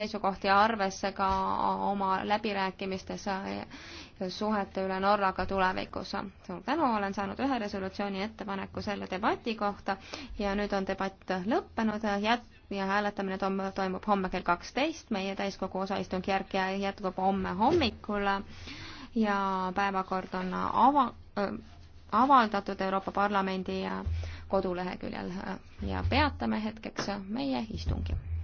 seisukohti arvesse ka oma läbirääkimistes suhete üle Norraga tulevikus. suur tänu, olen saanud ühe resolutsiooni ettepaneku selle debati kohta ja nüüd on debatt lõppenud jät- ja hääletamine toimub homme kell kaksteist, meie täiskogu osaistungjärk jätkub homme hommikul ja päevakord on ava- äh,, avaldatud Euroopa Parlamendi koduleheküljel ja peatame hetkeks meie istungi